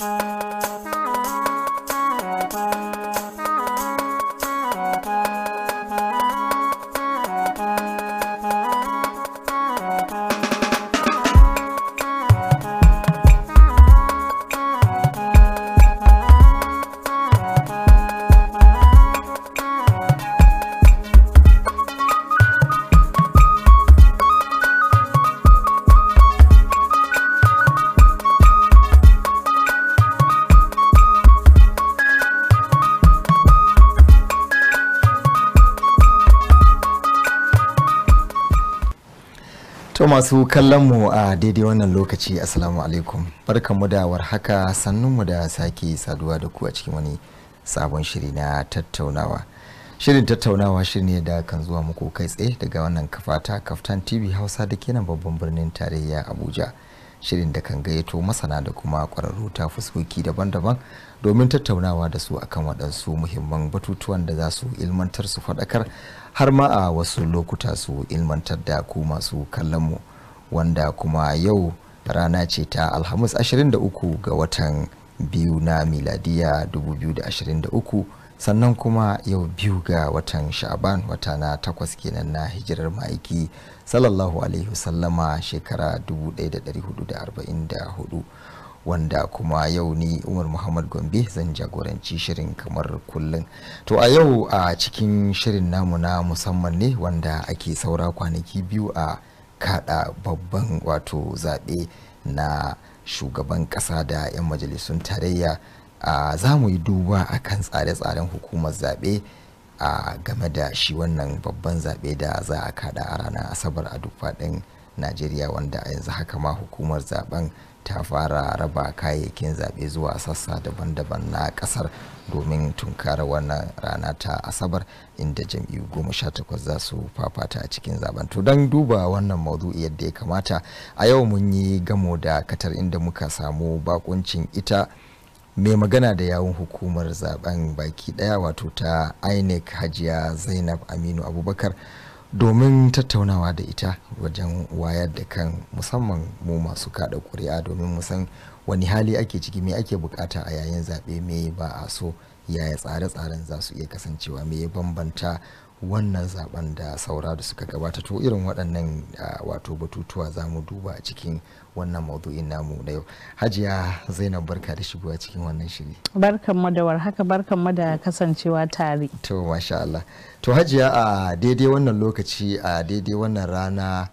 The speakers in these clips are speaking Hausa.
Música ah, masu kallon mu a daidai wannan lokaci assalamu alaikum mu da warhaka mu da sake saduwa da ku a cikin wani sabon shiri na tattaunawa shirin tattaunawa shi ne da kan zuwa muku kai tsaye daga wannan kafata kaftan tv hausa da kenan babban birnin tarayya abuja shirin da kan gayyato masana da kuma kwararru ta fuskoki daban-daban domin tattaunawa da su akan waɗansu muhimman batutuwan da za su ilmantar su faɗakar har ma a wasu lokuta su ilmantar da ku masu kallonmu wanda kuma yau rana ce ta alhamis 23 ga watan biyu na miladiya 2023 sannan kuma yau biyu ga watan sha'aban wata na takwas kenan na hijirar ma'aiki sallallahu alaihi wasallama shekara 1444 wanda kuma yau ni umar muhammad gombe zan jagoranci shirin kamar kullum to a yau a cikin shirin namu na musamman ne wanda ake saura kwanaki biyu a kada babban wato zaɓe na shugaban ƙasa da 'yan majalisun tarayya a za mu yi duba a kan tsare-tsaren hukumar zaɓe a game da shi wannan babban zaɓe da za a kada a ranar asabar a duk faɗin najeriya wanda a yanzu haka ma hukumar zaɓen. ta fara raba kayayyakin zaɓe zuwa sassa daban-daban na ƙasar domin tunkara wannan rana ta asabar inda jam'iyyu goma sha takwas za su fafata a cikin zaben to don duba wannan maudu'i yadda ya kamata a yau mun yi gamo da katar inda muka samu bakuncin ita mai magana da yawun hukumar zaben baki daya wato ta inec hajiya zainab aminu abubakar domin tattaunawa da ita wajen wayar da kan musamman mu masu kada kuri'a domin mu san wani hali ake ciki me ake bukata a yayin zaɓe me ba a so yaya tsare-tsaren za su iya kasancewa me bambanta wannan zaben da saura da suka gabata to irin waɗannan ah, wato batutuwa za mu duba a cikin wannan maudu'in namu na yau hajiya zainab barka da shigowa cikin wannan shiri barkan mu haka barkan da kasancewa tare to masha Allah to hajiya a daidai wannan lokaci a daidai wannan rana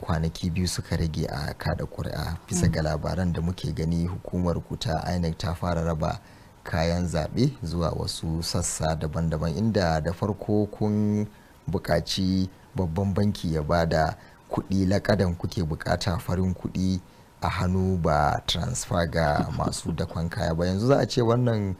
kwanaki biyu suka rage a kada kuri'a bisa mm. ga labaran da muke gani hukumar kuta inec ta fara raba kayan zaɓe zuwa wasu sassa daban-daban inda da farko kun buƙaci babban banki ya bada kuɗi lakadan kuke bukata farin kuɗi a hannu ba transfer ga masu dakon kaya ba yanzu za a ce wannan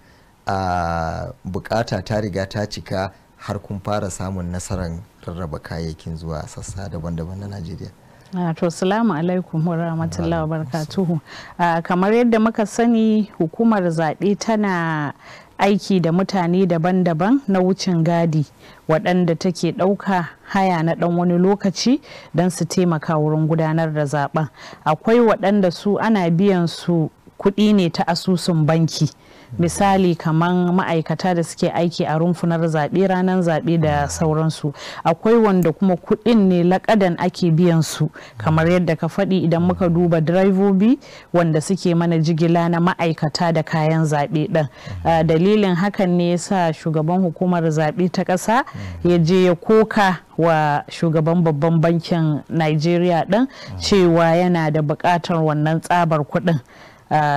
bukata ta riga ta cika har kun fara samun nasarar rarraba kayayyakin zuwa sassa daban-daban na najeriya Ah, to salamu alaikum wa rahmatullahi wa barakatuhu ah, kamar yadda muka sani hukumar zaɓe tana aiki da mutane daban-daban na wucin gadi waɗanda take ɗauka haya na ɗan wani lokaci don su taimaka wurin gudanar da zaɓen akwai waɗanda su ana biyan su kuɗi ne ta asusun banki misali kamar ma'aikata da suke aiki a rumfunar zaɓe ranar zaɓe da sauransu akwai wanda kuma kuɗin ne laƙadan ake biyan su kamar yadda ka faɗi idan muka duba direbobi wanda suke mana jigila na ma'aikata da kayan zaɓe ɗin dalilin hakan ne sa shugaban hukumar zaɓe ta ƙasa ya je ya koka wa shugaban babban bankin nigeria ɗin cewa yana da buƙatar wannan tsabar kuɗin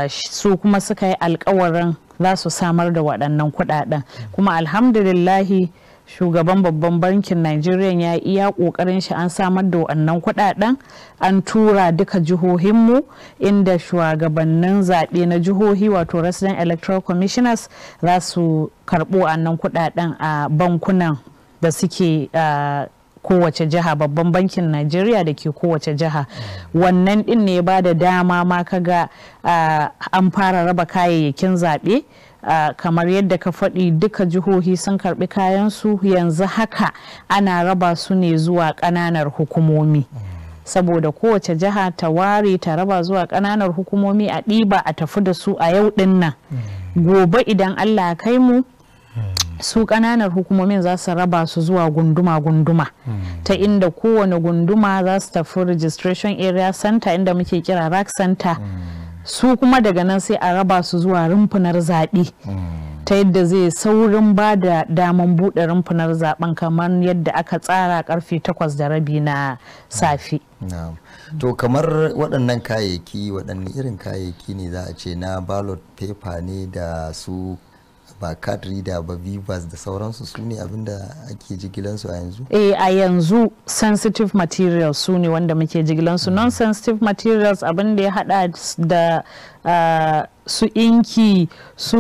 su kuma suka yi alkawarin za su samar da waɗannan kuɗaɗen kuma alhamdulillahi shugaban babban bankin nigeria ya iya ƙoƙarin shi an samar da waɗannan kuɗaɗen an tura duka jihohinmu inda shugabannin zaɓe na jihohi wato resident electoral commissioners za su karɓo annan kuɗaɗen a bankunan da suke kowace jiha babban bankin najeriya da ke kowace jiha wannan din ne ba da dama ma kaga an fara raba kayayyakin zaɓe kamar yadda ka faɗi duka jihohi sun karɓi kayansu yanzu haka ana raba su ne zuwa ƙananar hukumomi saboda kowace jiha ta ware ta raba zuwa ƙananar hukumomi a ɗiba a tafi da su a yau ɗin nan hmm. gobe idan allah kai mu su kananan hukumomin za su raba su zuwa gunduma-gunduma ta inda kowane gunduma za su tafi registration area center inda muke kira rack center su kuma daga nan sai a raba su zuwa rumfunar zaɓe ta yadda zai saurin ba da daman buɗe rumfunar zaben kamar yadda aka tsara karfe takwas da rabi na safi to kamar waɗannan kayayyaki waɗanne irin kayayyaki ne za a ce na ballot paper ne da su ba card reader ba vivas da sauransu su ne abinda ake jigilansu a yanzu? eh a yanzu sensitive materials su ne wanda muke jigilansu mm. non-sensitive materials abinda ya hada da ah, su inki su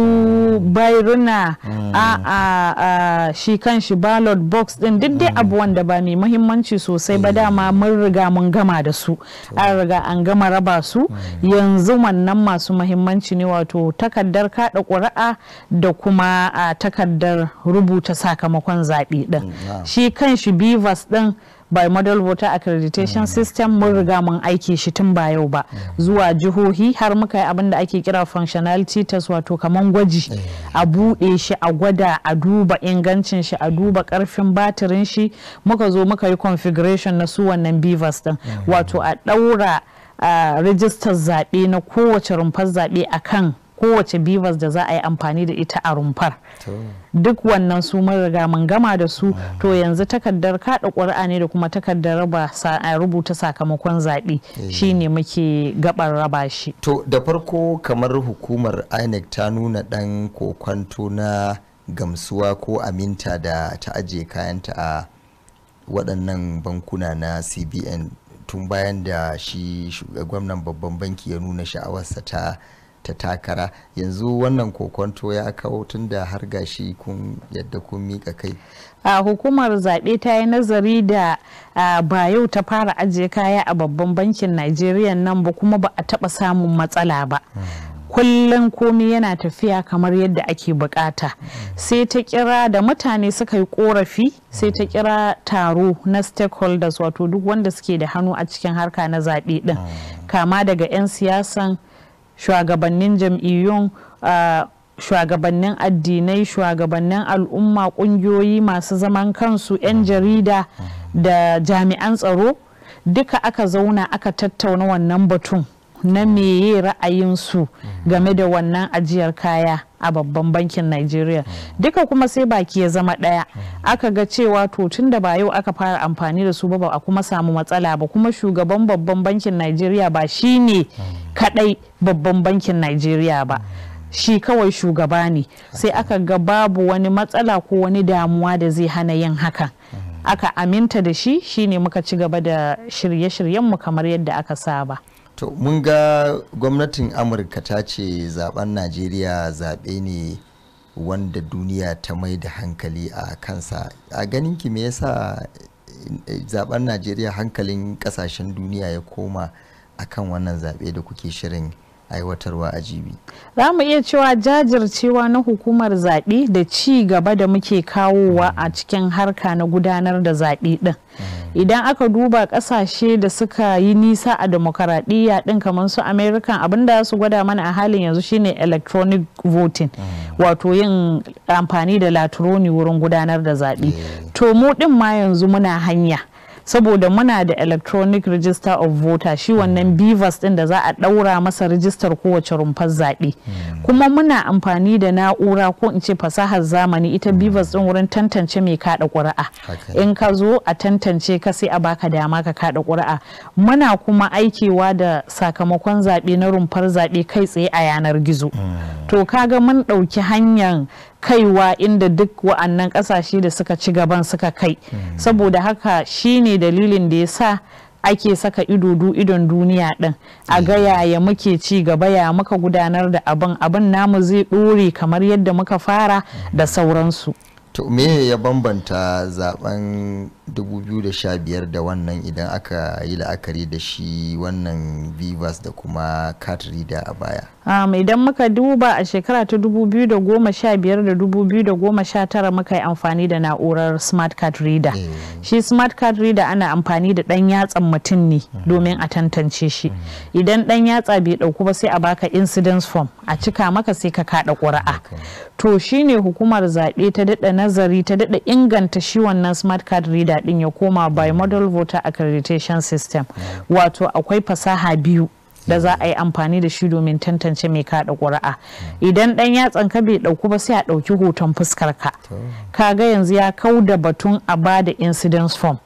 bairuna mm. a a shi kan shi ballot box din duk dai mm. abu wanda ba mai mahimmanci sosai ba mm. dama mun riga mun gama da su an riga an gama raba su yanzu wannan masu muhimmanci ne wato takardar kada ƙuri'a da kuma takardar rubuta sakamakon zaɓe din shi kan shi bivas din by model voter accreditation mm. system mun riga mun aiki shi tun ba yau ba mm. zuwa jihohi har muka yi abin da ake kira functionality test wato kaman gwaji mm. a buɗe shi a gwada a duba ingancin shi a duba karfin batirin shi muka zo muka yi configuration na su wannan beavers din wato a ɗaura Uh, rijistar zaɓe na kowace rumfar zaɓe a kan kowace bivas da za a yi amfani da ita a rumfar duk wannan su mun riga mun gama da su to yanzu takardar kada ƙuri'a ne da kuma takardar raba rubuta sakamakon zaɓe eh. shine muke gabar raba shi to da farko kamar hukumar inec ta nuna ɗan kokwanto na gamsuwa ko aminta da ta ajiye kayanta a waɗannan bankuna na cbn tun bayan da shi gwamnan babban banki ya nuna sha'awarsa ta ta takara yanzu wannan kokonto ya kawo tun da har gashi kun yadda kun mika kai a hukumar zaɓe ta yi nazari da ba yau ta fara ajiye kaya a babban bankin najeriya nan ba kuma ba a taɓa samun matsala ba kullum komi yana tafiya kamar yadda ake bukata sai ta kira da mutane suka yi korafi sai ta kira taro na stakeholders wato duk wanda suke da hannu a cikin harka na zaɓe ɗin kama daga 'yan siyasan shugabannin jam'iyyun shugabannin addinai shugabannin al'umma ƙungiyoyi masu zaman kansu 'yan mm-hmm. jarida mm-hmm. da jami'an tsaro duka aka zauna aka tattauna wannan batun. na meye ra'ayin su game da wannan ajiyar kaya a babban bankin nigeria Duka kuma sai baki ya zama ɗaya. Aka ga cewa to tun da ba yau aka fara amfani da su ba a kuma samu matsala ba kuma shugaban babban bankin nigeria ba shi ne kaɗai babban bankin nigeria ba. Shi kawai shugaba ne sai aka ga babu wani matsala ko wani damuwa da zai hana yin haka Aka aminta da shi shine muka ci gaba da shirye-shiryenmu kamar yadda aka saba. to mun ga gwamnatin amurka ta ce zaben najeriya zaɓe ne wanda duniya ta mai da hankali a kansa a ganin ki me yasa eh, zaben najeriya hankalin ƙasashen duniya ya koma akan wannan zaɓe da kuke shirin aiwatarwa a jibi za mu iya cewa jajircewa na hukumar zaɓe da ci gaba da muke kawowa a cikin harka na gudanar da zaɓe ɗin idan aka duba ƙasashe da suka yi nisa a demokaradiyya ɗin kamar su american abinda su gwada mana a halin yanzu shine electronic voting wato yin amfani da latroni wurin gudanar da zaɓe to mu ɗin ma yanzu muna hanya saboda muna da electronic register of voter shi wannan mm. bivas din da za a ɗaura masa rijistar kowace rumfar zaɓe mm. kuma muna amfani da na'ura ko in ce fasahar zamani ita mm. bivas din wurin tantance mai kaɗa ƙuri'a in ka zo a tantance ka sai a baka dama ka kada ƙuri'a muna kuma aikewa da sakamakon zaɓe na rumfar zaɓe kai tsaye a yanar gizo to kaga mun ɗauki hanyar kaiwa inda duk wa'annan kasashe da suka ci gaban suka kai saboda haka shine dalilin da ya sa ake saka ido du idon duniya din a ga mm. yaya muke ci gaba ya muka gudanar da abin abin namu zai dore kamar yadda muka fara da mm. sauransu to me ya bambanta zaben 2015 da wannan idan aka yi la'akari da shi wannan vivas da kuma katrida a baya um, idan muka duba a shekara ta 2015 da 2019 muka yi amfani da na'urar smart card reader mm. shi smart card reader ana amfani da ɗan yatsan mutum ne hmm. domin a tantance shi mm. idan ɗan yatsa bai dauku ba sai a baka incidence form a cika maka sai ka kaɗa ƙuri'a okay. to shine hukumar zaɓe ta daɗa nazari ta daɗa inganta shi wannan smart card reader din ya koma by model voter accreditation system wato akwai fasaha biyu da za a yi amfani da shi domin tantance mai kada ƙuri'a idan ɗan ya tsanka bai ɗauku ba sai a ɗauki hoton fuskar ka ga yanzu ya kau da batun a bada incidence form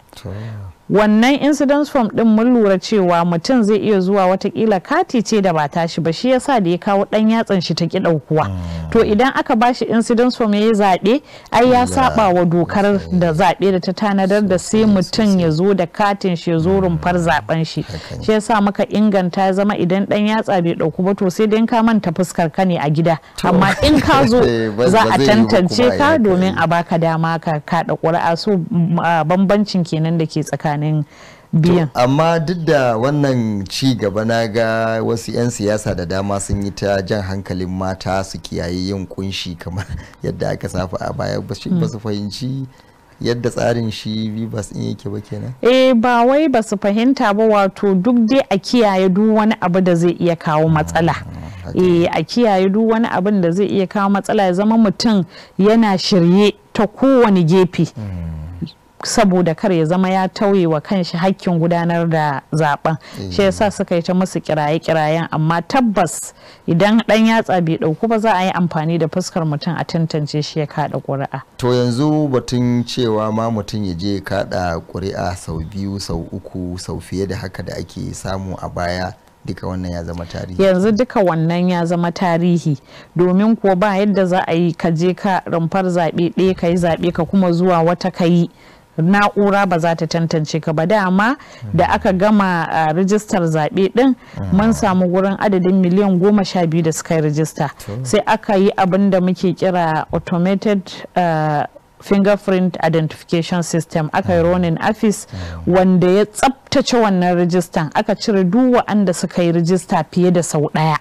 wannan incidence form din mun lura cewa mutum zai iya zuwa watakila kati ce da ba shi ba shi yasa da ya kawo dan yatsan shi ta ki daukuwa ah. to idan aka bashi incidence form yayi zabe ai ya saba wa dokar da zabe da ta tanadar da sai mutum ya zo da katin shi ya zo rumfar hmm. zaben shi shi yasa muka inganta zama idan dan yatsa bai dauku ba to sai dai ka manta fuskar ka ne a gida amma in ka zo eh, za a tantance ka domin a baka dama ka kada ƙuri'a so bambancin kenan da ke tsakani mutanen biyan amma duk da wannan ci gaba na ga wasu 'yan siyasa da dama sun yi ta jan hankalin mata su kiyaye yin kunshi kamar yadda aka safa a baya ba su mm. fahimci yadda tsarin shi ba in yake ba kenan eh ba wai ba su fahimta ba wato duk dai a kiyaye duk wani abu da zai iya kawo matsala mm, eh a kiyaye duk wani abin da zai iya kawo matsala ya zama mutum yana shirye ta kowane gefe mm. saboda kar ya zama ya tauye wa kanshi hakkin gudanar da zaben shi yasa suka yi ta musu kiraye-kirayen amma tabbas idan dan yatsa bai dauku ba za a yi amfani da fuskar mutum a tantance shi ya kada ƙuri'a to yanzu batun cewa ma mutum ya je kada ƙuri'a sau biyu sau uku sau fiye da haka da ake samu a baya duka wannan ya zama tarihi yanzu duka wannan ya zama tarihi domin kuwa ba yadda za a yi ka je ka rumfar zaɓe ɗaya ka yi zaɓe ka kuma zuwa wata ka yi na'ura ba za ta tantance ka ba dama da aka gama rijistar zaɓe ɗin mun samu wurin adadin miliyan goma sha biyu da suka yi rijista sai aka yi abin da muke kira automated finger fingerprint identification system aka yi ronin office wanda ya tsabtace wannan rijistan aka cire duk wa'anda suka yi rijista fiye da sau ɗaya.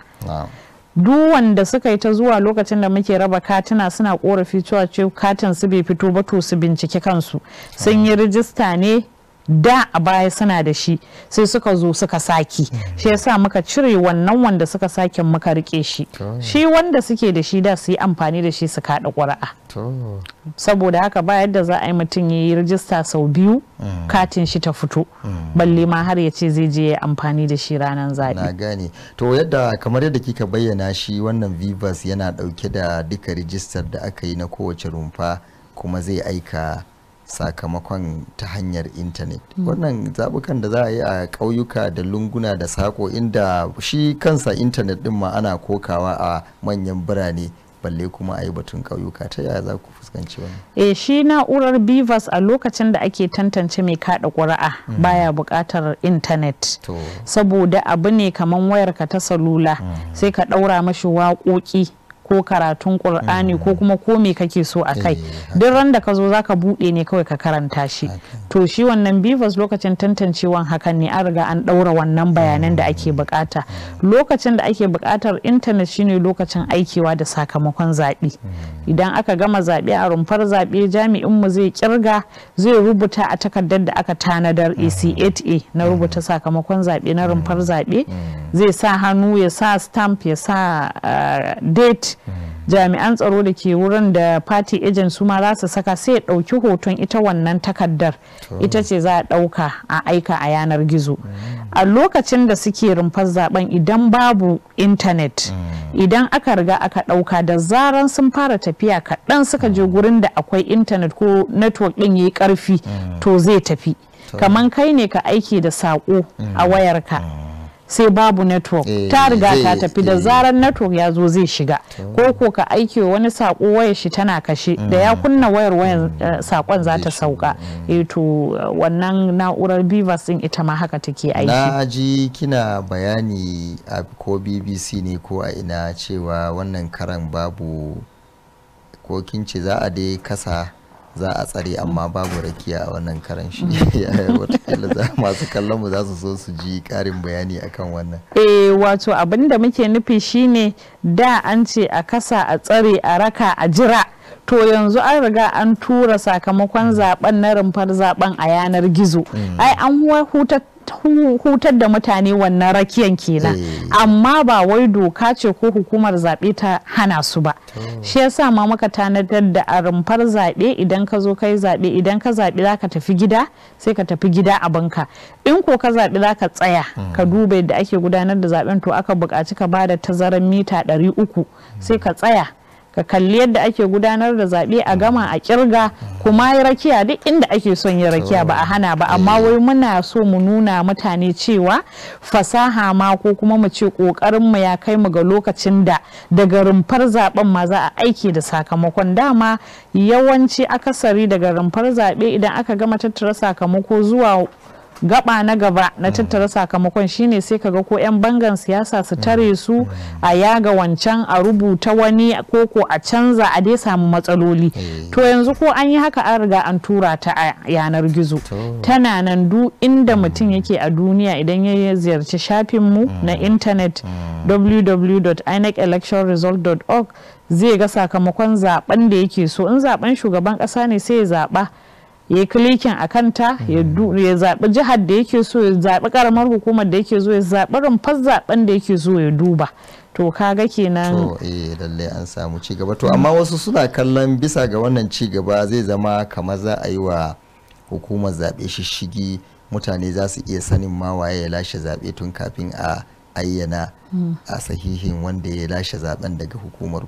duk wanda suka yi ta zuwa lokacin da muke raba katina suna korafi cewa ce katin su bai fito ba to su binciki kansu sun yi rijista ne da a baya suna da shi sai suka zo suka saki shi yasa muka cire wannan wanda suka sake muka rike shi shi wanda suke da shi da su yi amfani da shi su kaɗa ƙwara'a. saboda haka ba yadda za a yi mutum ya yi rijista sau biyu mm. katin shi ta fito mm. balle ma har ya ce zai je ya amfani da shi ranar zaɓe na gane to yadda kamar yadda kika bayyana shi wannan vivas yana ɗauke da duka rijistar da aka yi na kowace rumfa kuma zai aika sakamakon ta hanyar intanet mm. wannan zabukan da za a yi a ƙauyuka da lunguna da sako inda shi kansa intanet din ma ana kokawa a manyan birane balle kuma a yi batun ƙauyuka ta yaya za ku fuskanci wani e eh, shi na'urar bivas a lokacin da ake tantance mai kaɗa ƙuri'a mm. baya buƙatar intanet saboda abu ne kamar wayarka ta salula mm. sai ka ɗaura mashi waƙoƙi ko karatun ƙur'ani ko mm. kuma ko me kake so a kai eh, duk ran da ka zo za ka buɗe ne kawai ka karanta shi to shi wannan bivas lokacin tantancewan hakan ne an riga an ɗaura wannan bayanan da mm. ake bukata lokacin da ake buƙatar intanet shine lokacin aikewa da sakamakon zaɓe mm. idan aka gama zaɓe a rumfar zaɓe jami'in mu zai kirga zai rubuta a takardar da aka tanadar ac8a na rubuta sakamakon zaɓe na rumfar zaɓe zai sa hannu ya sa stamp ya sa eh, date jami'an tsaro da ke wurin da party agent su ma za su saka sai ya ɗauki hoton ita wannan takardar ita ce za a ɗauka a aika a yanar gizo a lokacin da suke rumfar zaben idan babu intanet mm. idan aka riga aka ɗauka da zaran sun fara tafiya kaɗan suka je mm. gurin da akwai intanet ko network ɗin yayi yi ƙarfi mm. to zai tafi kaman kai ne ka aiki da saƙo a wayarka sai babu network eh, ta riga ta tafi da eh. zarar network ya zo zai shiga ko ko ka aiki wani sako wayar shi tana kashe mm. da ya kunna wayar wayar mm. eh, sakon za ta sauka mm. eh to wannan na'urar bivas din ita ma haka take aiki na ji kina bayani a ko BBC ne ko a ina cewa wannan karan babu ko kin ce za a dai kasa za a tsare amma babu rakiya a wannan karan shi mm. watakila masu kallon mu za su so su ji karin bayani akan wannan eh wato abinda muke nufi shine da an ce a kasa a tsare a raka a jira to yanzu an riga an tura sakamakon mm. zaben na rumfar zaben a yanar gizo mm. ai an hutar hutar da mutane wannan rakiyan kenan eh. amma ba wai doka ce ko hukumar zaɓe ta hana su ba shi yasa ma muka tanadar da a rumfar zaɓe idan ka zo kai zaɓe idan ka zaɓe za ka tafi gida sai ka tafi gida a banka in ko ka zaɓe za ka tsaya ka hmm. duba yadda ake gudanar da zaɓen to aka buƙaci ka ba da tazarar mita ɗari uku sai ka tsaya ka kalli yadda ake gudanar da zaɓe a gama a kirga kuma ya rakiya duk inda ake son ya rakiya ba a hana ba amma wai muna so mu nuna mutane cewa fasaha ma ko kuma mu ce kokarin mu ya kai mu ga lokacin da daga rumfar zaben ma za a aiki da sakamakon dama yawanci akasari daga rumfar zaɓe idan aka gama tattara sakamako zuwa gaba na gaba na mm. tattara sakamakon shine sai kaga ko 'yan bangan siyasa su tare mm. su mm. a yaga wancan a rubuta wani koko a canza a dai samu matsaloli eh. to yanzu ko an yi haka an riga an tura ta a yanar gizo tana nan du inda mutum yake a duniya idan ya ziyarci shafin mu na intanet www.inecelectionresult.org zai ga sakamakon zaben da yake so in zaben shugaban kasa ne sai ya zaba ya yi klikin a kanta hmm. ya zaɓi jihar da yake so ya zaɓi ƙaramar hukumar da yake so ya zaɓi rumfar zaɓen da yake so ya duba to kaga kenan to eh lalle an samu cigaba to amma wasu suna kallon bisa ga wannan ci gaba zai zama kamar za a yi wa hukumar zaɓe shishigi mutane za su iya sanin ma waye ya lashe zaɓe tun kafin a ayyana hmm. a sahihin wanda ya lashe zaɓen daga hukumar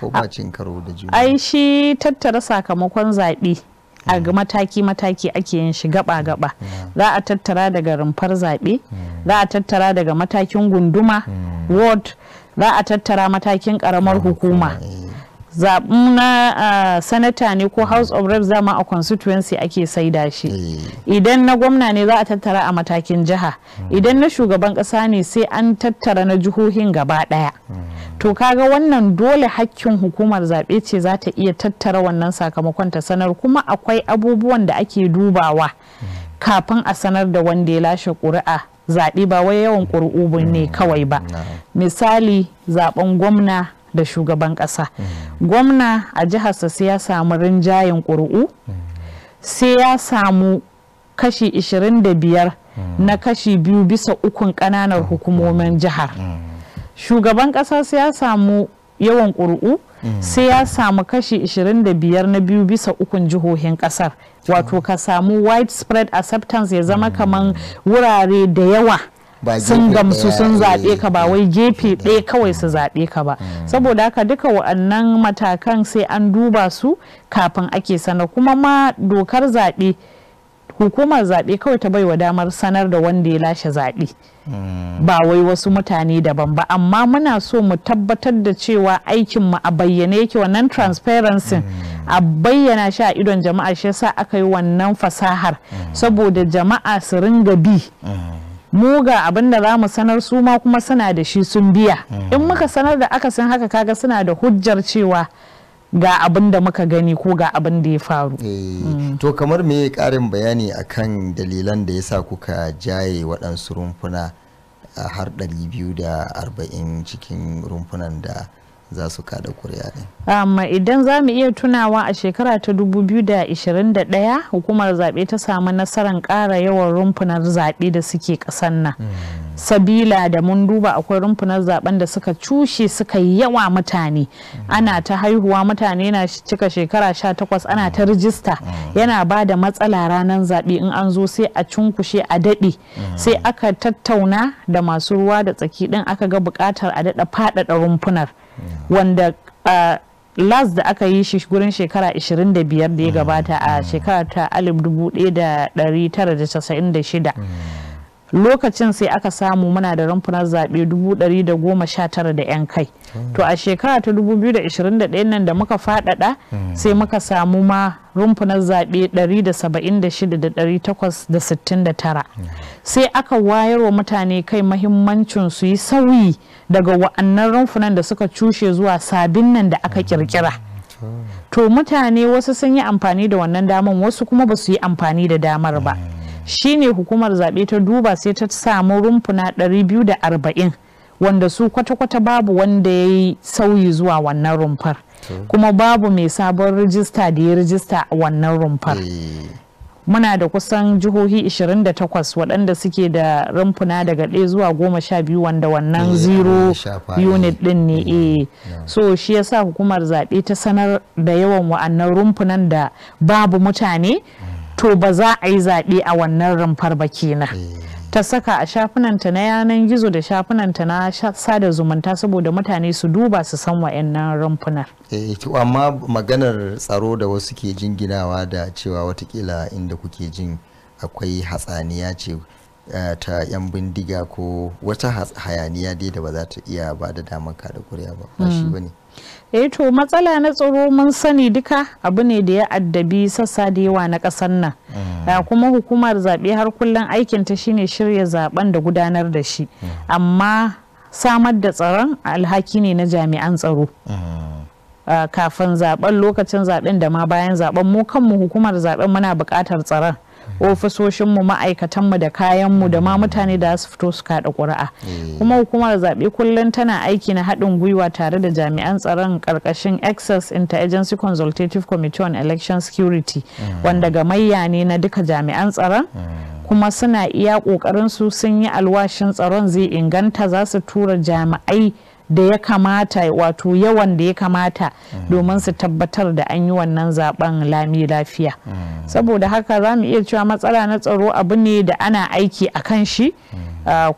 ko ba cin karo da juna ai shi tattara sakamakon zaɓe a ga mataki-mataki ake yin shi gaba-gaba za a tattara daga rumfar zaɓe za a tattara daga matakin gunduma hmm. ward za a tattara matakin ƙaramar hukuma eh. zaɓin na sanata ne ko house of reps zama a constituency ake saida shi eh. idan na gwamna ne za a tattara a matakin jiha hmm. idan na shugaban ƙasa ne sai an tattara na jihohin gaba ɗaya hmm. to kaga wannan dole hakkin hukumar zaɓe ce za ta iya tattara wannan sakamakon ta sanar kuma akwai abubuwan da ake dubawa hmm. kafin a sanar da wanda ya lashe ƙuri'a zaɓe ba wai yawan ƙuri'u ne kawai ba misali zaɓen gwamna da shugaban kasa gwamna a jiharsa sai ya samu rinjayen ƙuri'u sai ya samu kashi 25 na kashi biyu bisa ukun ƙananan hukumomin jihar shugaban kasa sai ya samu yawan ƙuri'u sai ya samu kashi 25 na biyu bisa ukun jihohin kasar wato ka samu widespread acceptance ya zama kaman wurare da yawa sun gamsu sun zaɓe eh. ka ba wai gefe ɗaya kawai su zaɓe ka ba mm. saboda haka duka waɗannan matakan sai an duba su kafin ake sana kuma ma dokar zaɓe hukumar zaɓe kawai ta baiwa damar sanar da wanda ya lashe zaɓe mm. ba wai wasu mutane daban ba amma muna so mu tabbatar da cewa aikin aikinmu a bayyane yake wannan transparency mm. a bayyana shi a idon jama'a shi yasa aka yi wannan fasahar saboda jama'a su ringa bi mu ga abin da za mu sanar su ma kuma suna da shi sun biya in muka sanar da aka san haka kaga suna da hujjar cewa ga abin da muka gani ko ga abin da ya faru eh, to kamar me karin bayani akan dalilan da yasa kuka jaye waɗansu rumfuna ah, har 240 cikin rumfunan da za su kada kuri'a ne. amma idan za mu iya tunawa a shekara ta 2021 hukumar zaɓe ta samu nasarar ƙara yawan rumfunar zaɓe da suke ƙasar nan hmm. sabila da mun duba akwai rumfunar zaɓen da suka cushe suka yi yawa mutane hmm. ana ta haihuwa mutane na cika shekara 18 ana ta hmm. rijista yana ba da matsala ranar zaɓe in an zo sai a cunkushe a daɗe sai aka tattauna da masu ruwa da tsaki ɗin aka ga buƙatar a daɗa faɗaɗa rumfunar. wanda las da aka yi shi gurin shekara 25 da ya gabata a mm. shekara ta 1996 lokacin sai aka samu muna da rumfunar zaɓe 119 da 'yan kai to a shekara ta 2021 nan da muka faɗaɗa sai hmm. muka samu ma rumfunar zaɓe 176,869 hmm. sai aka wayar wa mutane kai mahimmancin su yi sauyi daga wa'annan rumfunan da suka cushe zuwa sabin nan da aka kirkira. Hmm. to mutane wasu sun yi amfani da wannan daman wasu kuma ba su yi amfani da damar ba. shine hukumar zaɓe ta duba sai ta samu rumfuna 240 wanda su kwata-kwata babu wanda ya yi sauyi zuwa wannan rumfar kuma babu mai sabon rijista da ya rijista a wannan rumfar eh. muna da kusan jihohi 28 waɗanda suke da rumfuna daga ɗaya zuwa goma sha biyu wanda wannan eh, zero unit din ne e so shi yasa hukumar zaɓe ta sanar da yawan wa'annan rumfunan da babu mutane to ba za a yi zaɓe a wannan rumfar ba kenan eh. ta saka a shafinanta na yanar gizo da shafinanta na sada zumunta saboda mutane su duba su san wa'annan rumfunar. Eh, to amma maganar tsaro da wasu ke jinginawa da cewa watakila inda kuke jin akwai hatsaniya ce eh, ta 'yan bindiga ko wata hayaniya dai da ba za ta iya ba da damar kada kuriya ba, ba shi mm. ba ne. eh to matsala na tsaro mun sani duka abu ne da ya addabi sassa da yawa na ƙasar nan mm. ah, kuma hukumar zaɓe har kullum aikin ta shine shirya zaben da gudanar da shi mm. amma samar da tsaron alhaki ne na jami'an tsaro mm. ah, kafin zaben lokacin zaben da ma bayan zaben mu kanmu hukumar zaben muna buƙatar tsaron ofisoshin ofisoshinmu ma'aikatanmu da kayanmu da ma mutane da su fito su kaɗa ƙuri'a mm. kuma hukumar zaɓe kullum tana aiki na haɗin gwiwa tare da jami'an tsaron ƙarƙashin access interagency consultative committee on election security mm. wanda gamayya ne na duka jami'an tsaron mm. kuma suna iya ƙoƙarinsu sun yi alwashin tsaron zai inganta za su tura jami'ai da ya kamata wato yawan da ya kamata domin su tabbatar da an yi wannan zaben lami lafiya saboda haka za mu iya cewa matsala na tsaro abu ne da ana aiki a kan shi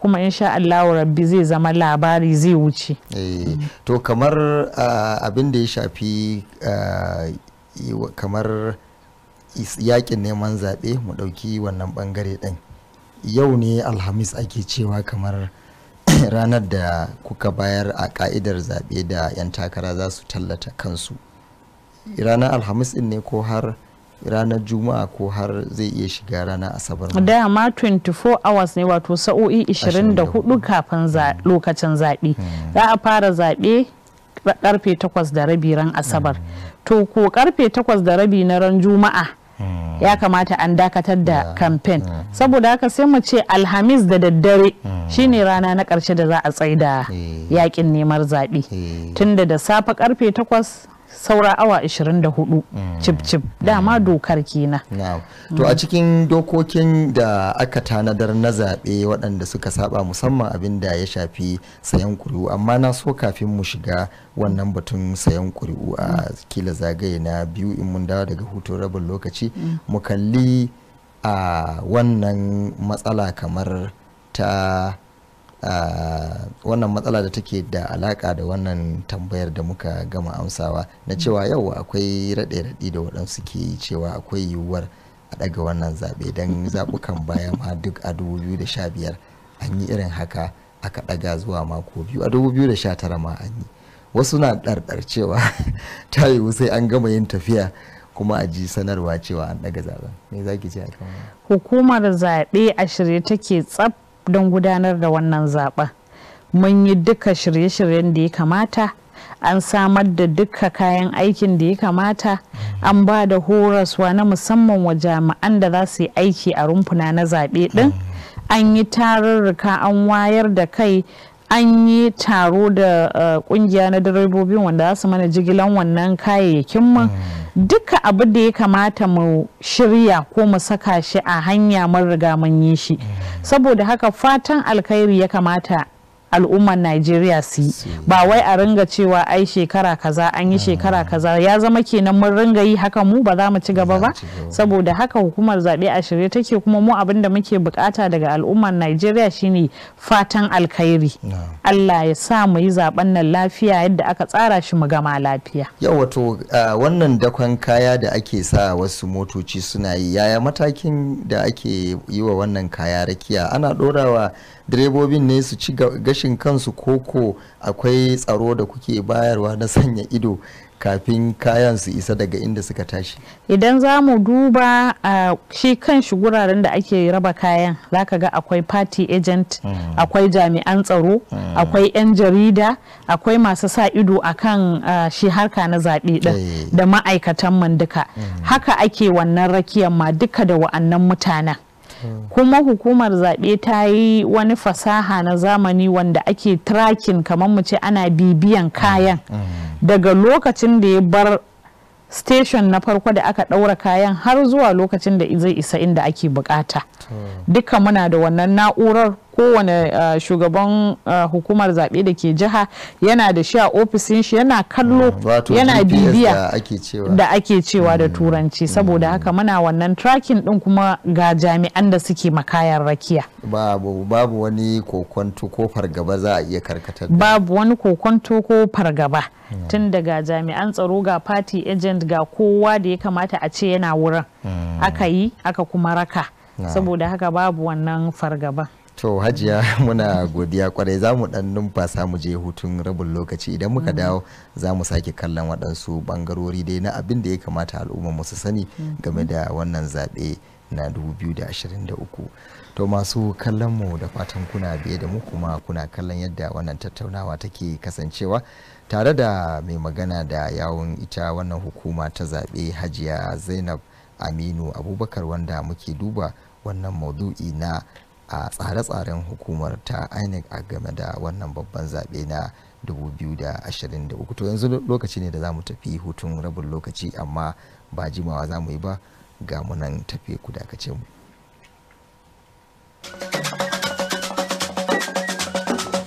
kuma insha Allah rabbi zai zama labari zai wuce eh, to kamar abin da ya shafi kamar yakin neman zaɓe mu ɗauki wannan ɓangare ɗin yau ne alhamis ake cewa kamar ranar da kuka bayar a ka'idar zaɓe da 'yan takara za su tallata kansu ranar alhamis ɗin ne ko har ranar juma'a ko har zai iya shiga ranar asabar dama 24 hours ne wato sa'o'i 24 kafin hmm. lokacin zaɓe hmm. za a fara zaɓe karfe 8 da rabi ran asabar hmm. to ko karfe 8 da rabi na ran juma'a Mm. ya kamata an dakatar da kamfen mm. saboda haka sai mu ce alhamis da daddare mm. shine rana na karshe da za a tsaida eh. yakin neman zaɓe eh. tunda da safe karfe takwas saura awa 24 mm. cip cip dama mm. dokar kenan mm. to a cikin dokokin da aka tanadar na zaɓe waɗanda suka saba musamman abin da ya shafi sayan kuri'u amma na so kafin mu shiga wannan batun sayan kuri'u a kila zagaye na biyu in mun dawo daga hutun rabin lokaci mu kalli a wannan matsala kamar ta wannan matsala da take da alaka da wannan tambayar da muka gama amsawa na cewa yau akwai raɗe-raɗi da waɗansu ke yi cewa akwai yiwuwar a ɗaga wannan zaɓe don zaɓukan baya ma duk a 2015 an yi irin haka aka ɗaga zuwa mako biyu a 2019 ma an yi wasu na ɗarɗar cewa ta yiwu sai an gama yin tafiya kuma a ji sanarwa cewa an ɗaga zaɓen me za ki ce a kan hukumar zaɓe a shirye take tsaf don gudanar da wannan zaben mun yi duka shirye-shiryen da ya kamata an samar da duka kayan aikin da ya kamata an ba da horaswa na musamman wa jami'an da za su yi aiki a rumfuna na zaɓe ɗin mm. an yi tarurruka an wayar da kai an yi taro da kungiya eh, na direbobin wanda za su mana jigilan wannan kayayyakin mu mm. duka abu da ya kamata mu shirya ko mu saka shi a hanya mun riga mun yi shi mm. saboda haka fatan alkhairi ya kamata al'ummar Najeriya su yi ba wai a ringa cewa ai shekara kaza an yi shekara mm. kaza ya zama kenan mun ringa yi haka mu ba za mu ci gaba ba saboda haka hukumar zaɓe a shirye take kuma mu abin da muke bukata daga al'ummar Najeriya shine fatan alkhairi Allah ya sa mu yi zaben nan lafiya yadda aka tsara shi mu gama lafiya yau wato wannan dakon kaya da ake sa wasu motoci suna yi yaya matakin da ake yi wa wannan kaya rakiya ana ɗorawa direbobin ne su ci gashin kansu koko akwai tsaro da kuke bayarwa na sanya ido kafin kayan su isa daga inda suka tashi idan za mu duba shi kan shi guraren da ake raba kayan za ka ga akwai party agent hmm. akwai jami'an tsaro hmm. akwai 'yan jarida akwai masu sa ido akan kan shi harka na zaɓe ɗin eh. da ma'aikatan man hmm. haka ake wannan rakiyar ma duka da wa'annan mutanen kuma hukumar zaɓe ta yi wani fasaha na zamani wanda ake tracking kamar mu ce ana bibiyan kayan daga lokacin da ya bar station na farko da aka ɗaura kayan har zuwa lokacin da zai isa inda ake bukata duka muna da wannan na'urar kowane shugaban hukumar zaɓe da ke jiha yana da shi a ofishin shi yana kallo mm, yana bibiya da ake cewa da mm, turanci mm, saboda haka muna wannan tracking din kuma ga jami'an da suke makayan rakiya babu wani kokonto ko fargaba za a iya karkatar babu wani kokonto ko fargaba tun daga jami'an tsaro ga party agent ga kowa da ya kamata a ce yana wurin aka yi aka kuma raka ah. saboda haka babu wannan fargaba to hajiya muna godiya kwarai za mu dan numfasa mu je hutun rabin lokaci idan muka dawo za mu sake kallon waɗansu bangarori dai na abin da ya kamata al'umma mu su sani game da wannan zaɓe na 2023 to masu kallon mu da fatan kuna biye da mu kuma kuna kallon yadda wannan tattaunawa take kasancewa tare da mai magana da yawon ita wannan hukuma ta zaɓe hajiya zainab aminu abubakar wanda muke duba wannan maudu'i na a tsare-tsaren hukumar ta inec a game da wannan babban zaɓe na 2023 to yanzu lokaci ne da za mu tafi hutun rabin lokaci amma ba jimawa za mu yi ba ga munan tafi ku dakace mu.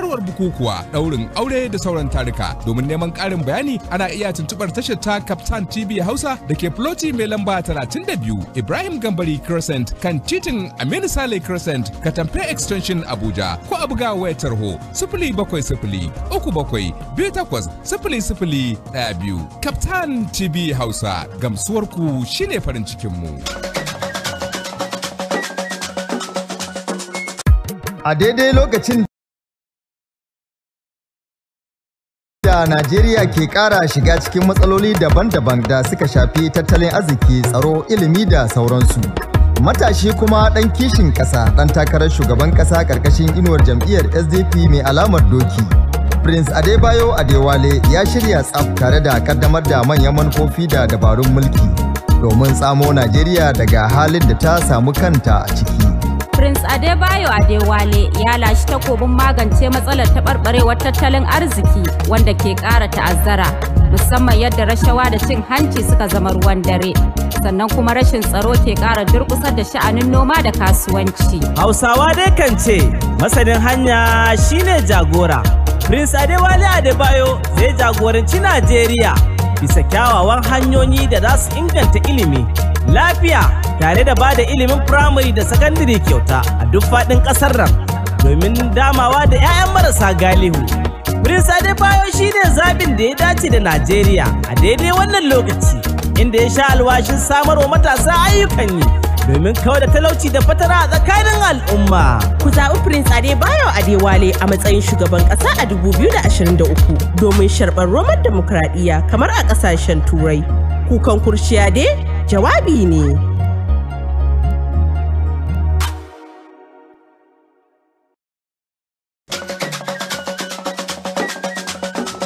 sanarwar bukukuwa daurin aure da sauran tarika domin neman karin bayani ana iya tuntubar tashar ta captain tv hausa da ke floti mai lamba 32 ibrahim gambari crescent kan titin aminu sale crescent katamfe extension abuja ko a buga wayar tarho 07037280012 captain tv hausa gamsuwarku shine farin cikinmu. mu a daidai lokacin A Najeriya ke ƙara shiga cikin matsaloli daban-daban da suka shafi tattalin arziki, tsaro, ilimi da sauransu. Matashi kuma ɗan kishin ƙasa, ɗan takarar shugaban ƙasa ƙarƙashin inuwar jam'iyyar SDP mai alamar doki. Prince Adebayo Adewale ya shirya tsaf tare da kaddamar da manyan manufofi da dabarun mulki domin tsamo Najeriya daga halin da ta samu kanta a ciki. Prince Adebayo Adewale ya lashe takobin magance matsalar taɓarɓarewar tattalin arziki wanda ke ƙara ta'azzara musamman yadda rashawa da cin hanci suka zama ruwan dare. Sannan kuma rashin tsaro ke ƙara durƙusar da sha'anin noma da kasuwanci. Hausawa dai kan ce masanin hanya shine jagora. Prince Adewale Adebayo zai jagoranci Najeriya bisa kyawawan hanyoyi da za su inganta ilimi. lafiya tare da ba da ilimin firamare da sakandare kyauta a duk faɗin ƙasar nan domin damawa da 'ya'yan marasa galihu. Prince Adebayo shi ne zaɓin da ya dace da Najeriya a daidai wannan lokaci inda ya sha alwashin samarwa matasa ayyukan yi domin kawar da talauci da fatara a tsakanin al'umma. Ku zaɓi Prince Adebayo Adewale a matsayin shugaban ƙasa a 2023 domin sharɓar Roman demokradiyya kamar a ƙasashen Turai. kukan kurciya dai jawabi ne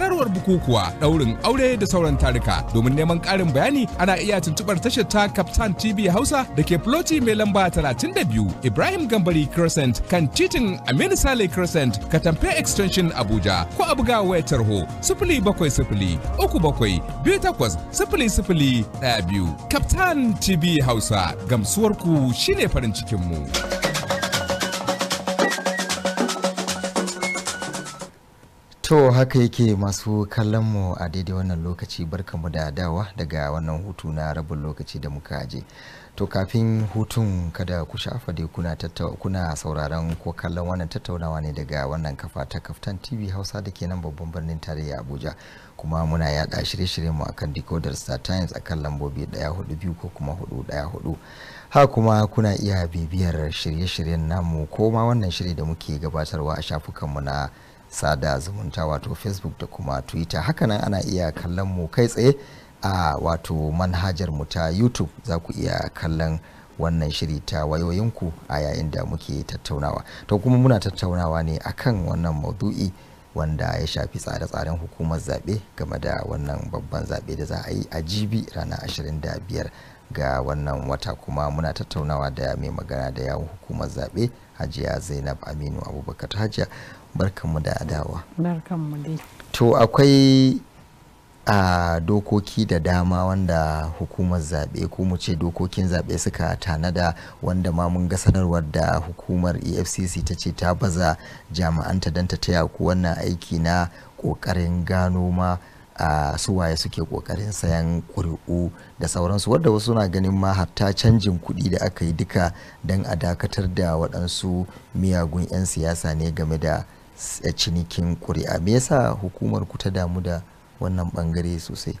sanarwar bukukuwa daurin aure da sauran tarika domin neman karin bayani ana iya tuntubar tashar ta captain tv hausa da ke floti mai lamba 32 ibrahim gambari crescent kan titin aminu sale crescent katamfe extension abuja ko a buga wayar tarho 07037 biyu captain tv hausa gamsuwar ku shine farin cikinmu. mu To haka yake masu kallon mu a daidai wannan lokaci mu da dawa daga wannan hutu na rabin lokaci da muka je. To kafin hutun kada ku shafa dai kuna, kuna sauraron ko kallon wannan tattaunawa ne daga wannan kafa ta kaftan TV Hausa da ke nan babban birnin tarayya Abuja. Kuma muna yada shirye-shiryen mu akan decoder Star Times akan lambobi biyu ko kuma hudu hudu ha kuma kuna iya bibiyar shirye-shiryen namu ko ma wannan shiri da muke gabatarwa a shafukanmu na sada zumunta wato facebook da kuma twitter hakanan ana iya kallon mu kai tsaye a wato manhajar mu ta youtube za ku iya kallon wannan shiri ta wayoyinku a yayin da muke tattaunawa to kuma muna tattaunawa ne akan wannan maudu'i wanda ya shafi tsare-tsaren hukumar zaɓe game da wannan babban zaɓe da za a yi a jibi ranar 25 ga wannan wata kuma muna tattaunawa da mai magana da yawon hukumar zaɓe hajiya zainab aminu abubakar hajiya barkanmu da adawa barkanmu dai to akwai a dokoki da dama wanda hukumar zaɓe ko mu ce dokokin zaɓe suka tanada wanda ma mun ga sanarwar da hukumar efcc ta ce ta baza jami'anta don ta taya ku wannan aiki na ƙoƙarin gano ma a suwaye suke kokarin sayan ƙuri'u da sauransu wadda wasu na ganin ma hatta canjin kuɗi da aka yi duka don a dakatar da waɗansu miyagun 'yan siyasa ne game da a eh, cinikin kuri'a me yasa hukumar ku ta damu da wannan bangare sosai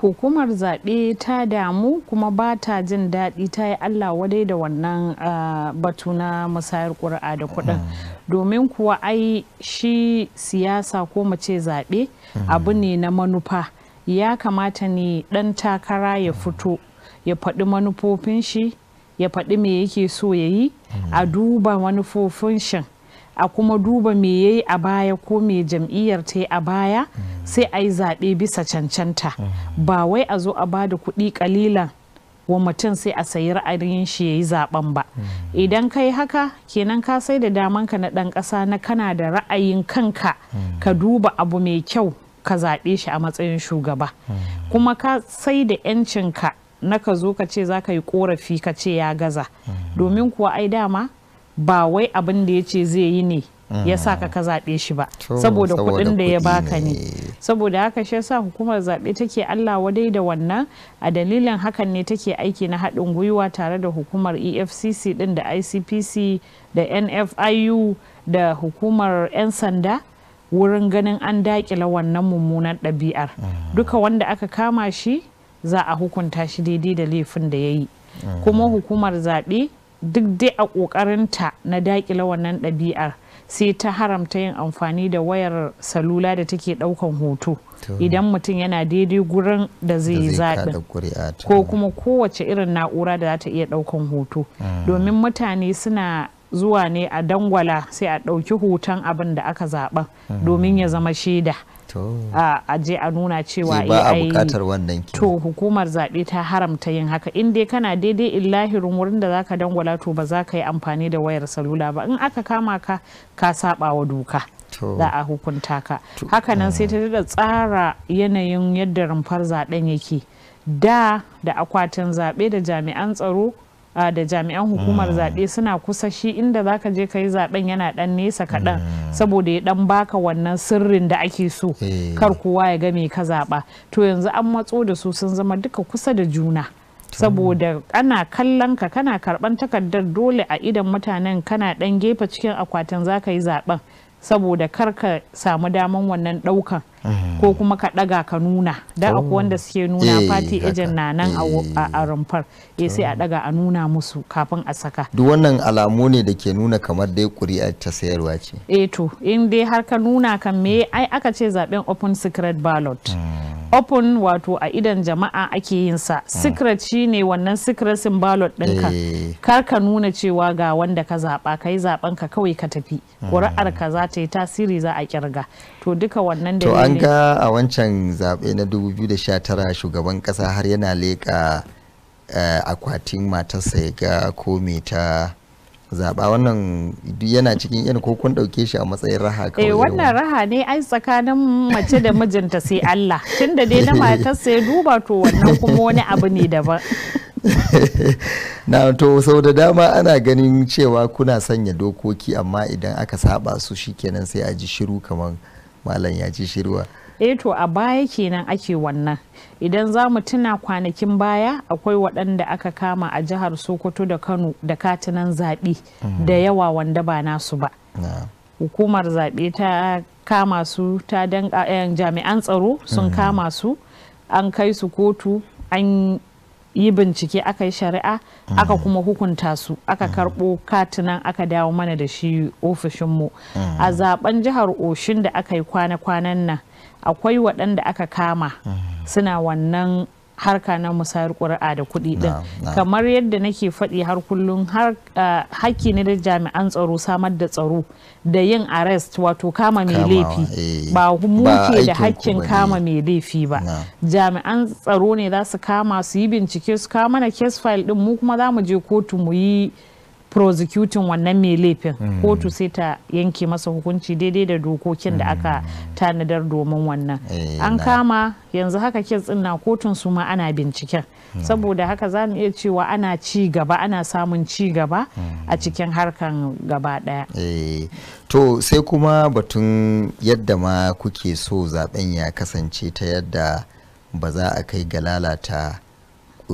hukumar zaɓe ta damu kuma ba ta jin daɗi ta yi allah wadai da wannan ah, batu na musayar ƙuri'a da kuɗin mm. domin kuwa ai shi siyasa ko mace zaɓe mm. abu ne na manufa ya kamata ne ɗan takara ya mm. fito ya faɗi manufofin shi ya faɗi me yake so ya yi a duba manufofin shin a kuma duba me ya yi a baya ko me jam'iyyar ta yi a baya sai a yi zaɓe bisa cancanta ba wai a zo a ba da kuɗi ƙalilan wa mutum sai a sayi ra'ayin shi ya yi zaɓen ba idan ka yi haka kenan ka sai da damanka na ɗan ƙasa na kana da ra'ayin kanka ka duba abu mai kyau ka zaɓe shi a matsayin shugaba kuma ka sai da 'yancinka na ka zo ka ce za ka yi korafi ka ce ya gaza domin kuwa ai dama ba wai abin da ya ce zai yi ne ya sa ka ka zaɓe shi ba saboda kuɗin da ya baka ne saboda haka shi yasa hukumar zaɓe take Allah wadai da wannan a dalilin hakan ne take aiki na haɗin gwiwa tare da hukumar EFCC ɗin da ICPC da NFIU da hukumar 'yan sanda wurin ganin an daƙila wannan mummunan ɗabi'ar duka wanda aka kama shi za a hukunta shi daidai da laifin da ya yi mm. kuma hukumar zaɓe duk dai a ƙoƙarinta na daƙile wannan ɗabi'ar sai ta haramta yin amfani da wayar salula da take ɗaukan hoto idan mutum yana daidai gurin da zai yi zaɓin ko kuma kowace irin na'ura da za ta iya ɗaukan hoto mm. domin mutane suna zuwa ne a dangwala sai a ɗauki hoton abin da aka zaɓa mm. domin ya zama shaida. a je a nuna cewa ba a to hukumar zaɓe ta haramta yin haka in dai kana daidai illahirin wurin da zaka dangwala to ba za ka yi amfani da wayar salula ba in aka kama ka ka saba wa doka za a hukunta ka hakanan sai mm. ta da tsara yanayin yadda rumfar zaɓen yake da da akwatin zaɓe da jami'an tsaro da jami'an hukumar hmm. zaɓe suna kusa shi inda za ka je ka yi zaɓen yana ɗan nesa kaɗan hmm. saboda ya ɗan baka wannan sirrin da ake so eh. kar kowa ya ga me ka zaɓa to yanzu an matso da su sun zama duka kusa da juna. saboda ana kallon ka kana karban takardar dole a idan mutanen kana ɗan gefe cikin akwatin za ka yi zaɓen. saboda kar ka samu daman wannan daukan ko kuma ka daga ka nuna da akwai oh. wanda suke nuna fati eh, ejen na nan a eh. rumfar ya eh, sai a daga a nuna musu kafin a saka duk wannan alamu ne da ke nuna kamar dai kuri'a ta sayarwa ce eh to in dai har ka nuna kan me ai aka ce zaben open secret ballot hmm. open wato a idan jama'a ake yin sa hmm. secret shine wannan secret ballot ɗinka eh. kar ka nuna cewa ga wanda ka zaɓa ka yi zaɓen ka kawai ka tafi hmm. ƙuri'ar ka za ta yi tasiri za a kirga to duka wannan da to an ga a wancan zaɓe na 2019 shugaban ƙasa har yana leƙa eh, akwatin matarsa ya ga ko ta zaba wannan yana cikin irin ko kun ɗauke shi a matsayin raha kawai. Eh wannan raha ne ai tsakanin mace da mijinta sai Allah tunda dai na matar sai duba to wannan kuma wani abu ne daban. na to sau da dama ana ganin cewa kuna sanya dokoki amma idan aka saba su shikenan sai a ji shiru kamar malam ya ji shiruwa. eh to a baya kenan ake wannan idan za mu tuna kwanakin baya akwai waɗanda aka kama a jihar sokoto da kano da katinan zaɓe da mhm. yawa wanda ba nasu ba hukumar zaɓe ta kama su ta eh, jami'an tsaro sun mhm. kama su an kai su kotu an yi bincike aka yi shari'a aka mhm. kuma hukunta su aka karɓo katinan aka dawo mana da shi ofishinmu a zaben jihar oshin da aka yi kwana-kwanan nan akwai waɗanda aka kama suna wannan harka na musayar ƙuri'a da kuɗi ɗin kamar yadda nake faɗi har kullum haƙƙi ne da jami'an tsaro samar da tsaro da yin arrest wato kama mai laifi eh. ba muke da haƙƙin kama mai laifi ba jami'an tsaro ne za su kama su yi bincike su kama na case file ɗin mu kuma za mu je kotu mu yi prosecutin wannan mai laifin hmm. kotu sai ta yanke masa hukunci daidai da dokokin da aka hmm. tanadar domin wannan eh, an kama yanzu haka kes na kotun su ma ana binciken hmm. saboda haka za mu iya cewa ana ci gaba ana samun ci gaba a cikin harkan gaba daya eh, to sai kuma batun yadda ma kuke so zaben ya kasance ta yadda ba za a kai ga lalata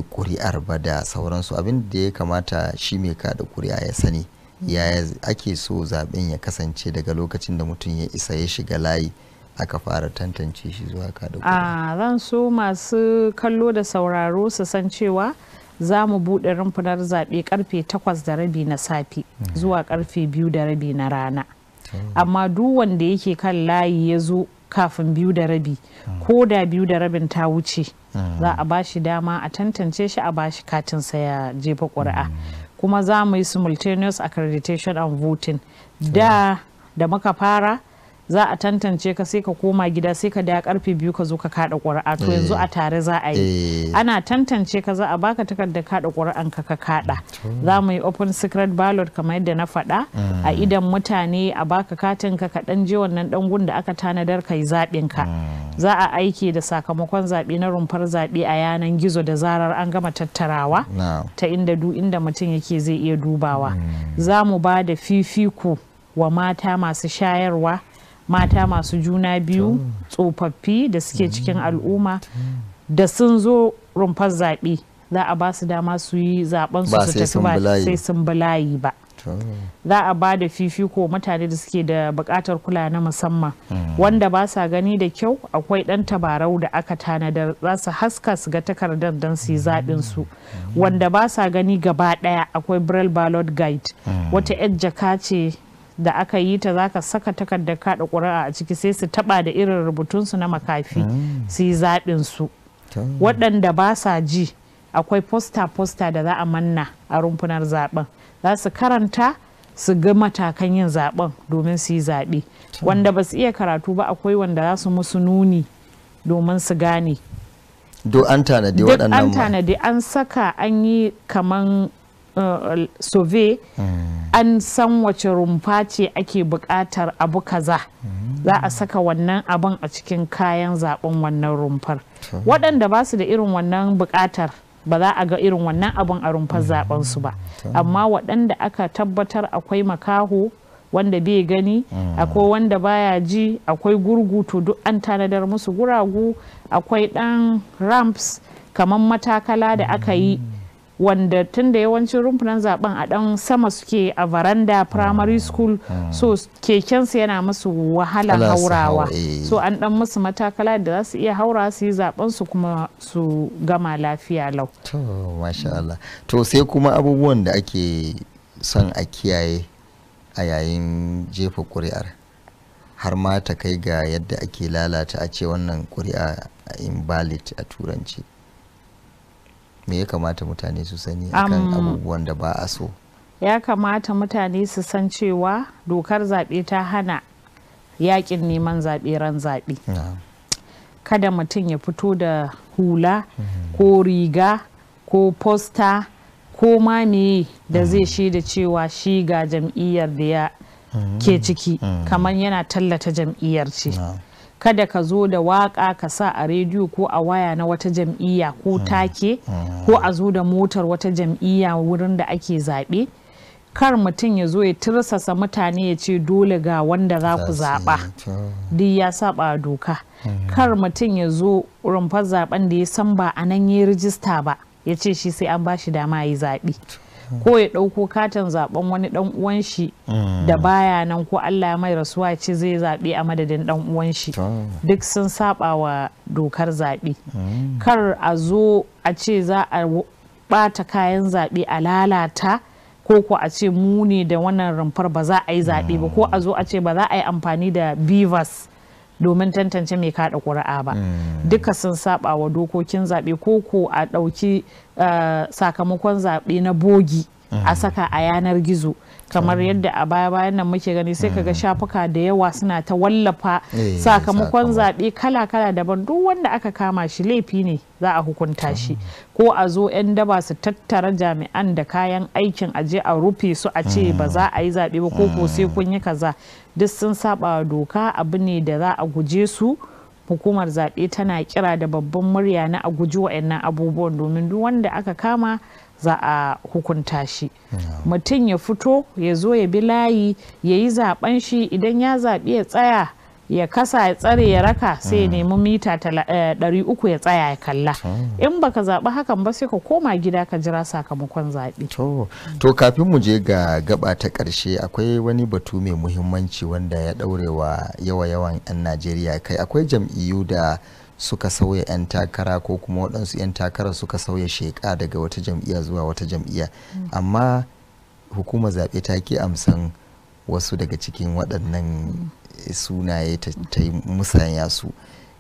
kuri'ar ba da sauransu abin da ya kamata shi mai kada kuria ya sani yaya ake so zaben ya kasance daga lokacin da mutum ya isa ya shiga layi aka fara tantance shi zuwa kada a zan so masu kallo da sauraro su san cewa za mu buɗe rumfunar zaɓe karfe takwas da rabi na safe mhm. zuwa karfe biyu da rabi na rana oh. amma duk wanda yake kan layi ya zo kafin biyu da rabi ko da biyu da rabin ta wuce za a ba shi dama a tantance shi a ba shi katinsa ya jefa ƙuri'a kuma za mu yi simultaneous accreditation and voting da da muka fara za a tantance ka sai ka koma gida sai ka da karfe biyu ka zo ka kada ƙuri'a to yanzu a eh. tare za a yi eh. ana tantance ka za a baka takarda kada ƙuri'an ka ka kada za mu yi open secret ballot kamar yadda na faɗa a mm. idan mutane a baka katin ka kaɗan je wannan gun da aka tanadar ka yi zaɓin ka mm. za a aiki da sakamakon zaɓe na rumfar zaɓe a yanan gizo da zarar an gama tattarawa ta inda du inda mutum yake zai iya dubawa mm. za mu ba da fifiko wa mata masu shayarwa mata masu juna biyu tsofaffi da suke mm. cikin al'umma da sun zo rumfar zaɓe za a ba su dama su yi zaben su su tafi ba sai sun bulayi ba za a ba da fifiko mutane da suke da buƙatar kula na musamman mm. wanda ba sa gani da kyau akwai ɗan tabarau da aka tanadar za su haska su ga takardar don su yi mm. zaɓin su wanda ba sa gani gaba ɗaya akwai braille ballot guide wata 'yar jaka ce da aka yi ta zaka saka takardar kada ƙuri'a a ciki sai su taba da irin rubutun su na makafi ah. su yi zaɓin su waɗanda ba sa ji akwai posta posta da za a manna a rumfunar zaben za su karanta su ga matakan yin zaben domin su yi zaɓe wanda ba su iya karatu ba akwai wanda za su musu nuni domin su gane duk an tanadi waɗannan an tanadi an saka an yi kaman Uh, sove hmm. an san wace rumfa ce ake buƙatar abu kaza hmm. za a saka wannan abin a cikin kayan zaben wannan rumfar waɗanda ba su da irin wannan bukatar ba za a ga irin wannan abin a rumfar hmm. zaben su ba amma waɗanda aka tabbatar akwai makaho wanda bai gani akwai wanda baya ji akwai gurgu to duk an tanadar musu guragu akwai ɗan ramps kamar matakala da aka yi wanda tun da yawancin rumfunan zaben a dan sama suke a varanda primary hmm. school hmm. so kekensu yana musu wahala haurawa eh. so an dan musu matakala da za su iya haura su yi zaben su kuma su gama lafiya lau to masha Allah to sai kuma abubuwan da ake son a kiyaye a yayin jefa kuri'ar har ma ta kai ga yadda ake lalata a ce wannan kuri'a invalid a turanci me ya kamata mutane su sani akan abubuwan da ba a so ya kamata mutane su san cewa dokar zaɓe ta hana yakin neman zaɓe ran zaɓe kada mutum ya fito da hula mhm. ko riga ko posta ko ma ne da mhm. zai shaida cewa shi ga jam'iyyar da ya mhm. ke ciki kamar yana tallata jam'iyyar ce. kada ka zo da waka ka sa a rediyo ko a waya na wata jam'iyya ko hmm. take hmm. ko a zo da motar wata jam'iyya wurin da ake zaɓe kar mutum ya zo ya tirsasa mutane ya ce dole ga wanda za ku zaɓa duk ya saba doka hmm. kar mutum ya zo rumfar zaɓen da ya san ba a nan ya rijista ba ya ce shi sai an ba shi dama ya yi zaɓe ko ya ɗauko katin zaben wani ɗan uwan shi mm. da baya nan ko Allah ya mai rasuwa ce zai zaɓe a madadin ɗan uwan shi duk sun saba wa dokar zaɓe mm. kar a zo a ce za a ɓata kayan zaɓe a lalata ko ko a ce mu ne da wannan rumfar ba za a yi zaɓe ba ko a mm. zo a ce ba za a yi amfani da bivas domin tantance mai kada ƙuri'a ba mm. duka sun saba wa dokokin zaɓe ko ko a ɗauki eh, sakamakon zaɓe na bogi a mm-hmm. saka a yanar gizo kamar yadda a baya bayan nan muke gani sai kaga mm. shafuka da yawa suna ta wallafa eh, sakamakon zaɓe kala kala daban duk wanda aka kama shi laifi ne za a hukunta ah. shi ko a zo 'yan daba su tattara jami'an da kayan aikin aje a rufe su a ce ba za a yi zaɓe ba ko ko sai mm. kun yi kaza duk sun saba doka abu ne da za a guje su hukumar zaɓe tana kira da babban murya na a guji wa'annan abubuwan domin duk wanda aka kama za a hukunta shi mutum ya fito ya zo ya bi layi ya yi zaben shi idan ya zaɓi ya tsaya ya kasa ya tsare ya raka sai ya nemi mita eh, ɗari uku ya tsaya ya kalla in baka zaɓi hakan ba sai ka koma gida ka jira sakamakon zaɓe. to kafin mu je ga gaba ta ƙarshe akwai wani batu mai muhimmanci wanda ya ɗaurewa yawa yawan 'yan najeriya kai akwai jam'iyyu da suka sauya 'yan takara ko kuma waɗansu 'yan takara suka sauya sheka daga wata jam'iyya zuwa wata jam'iyya amma hukumar zaɓe ta ke amsan wasu daga cikin waɗannan sunaye ta yi musanya su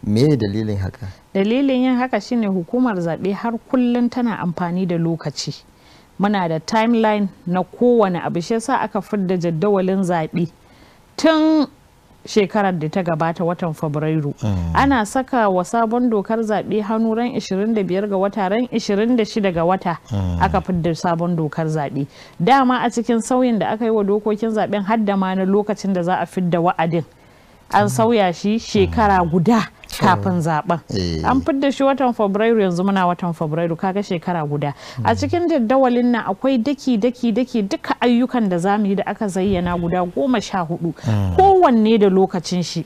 me dalilin haka dalilin yin haka shine hukumar zaɓe har kullum tana amfani da lokaci muna da timeline na kowane abu shi yasa aka fidda jadawalin zaɓe tun shekarar da ta gabata watan fabrairu ana saka wa sabon dokar zaɓe hannu ran 25 ga wata ran 26 ga wata aka fidda sabon dokar zaɓe dama a cikin sauyin da aka yi wa dokokin zaɓen hadda ma na lokacin da za a fidda wa'adin an sauya shi shekara guda. kafin zaben eh. an fidda shi watan fabrairu yanzu muna watan fabrairu kaga shekara guda a cikin jaddawalin nan akwai daki daki daki duka ayyukan da zamu yi da aka zayyana guda goma sha hudu hmm. kowanne da lokacin shi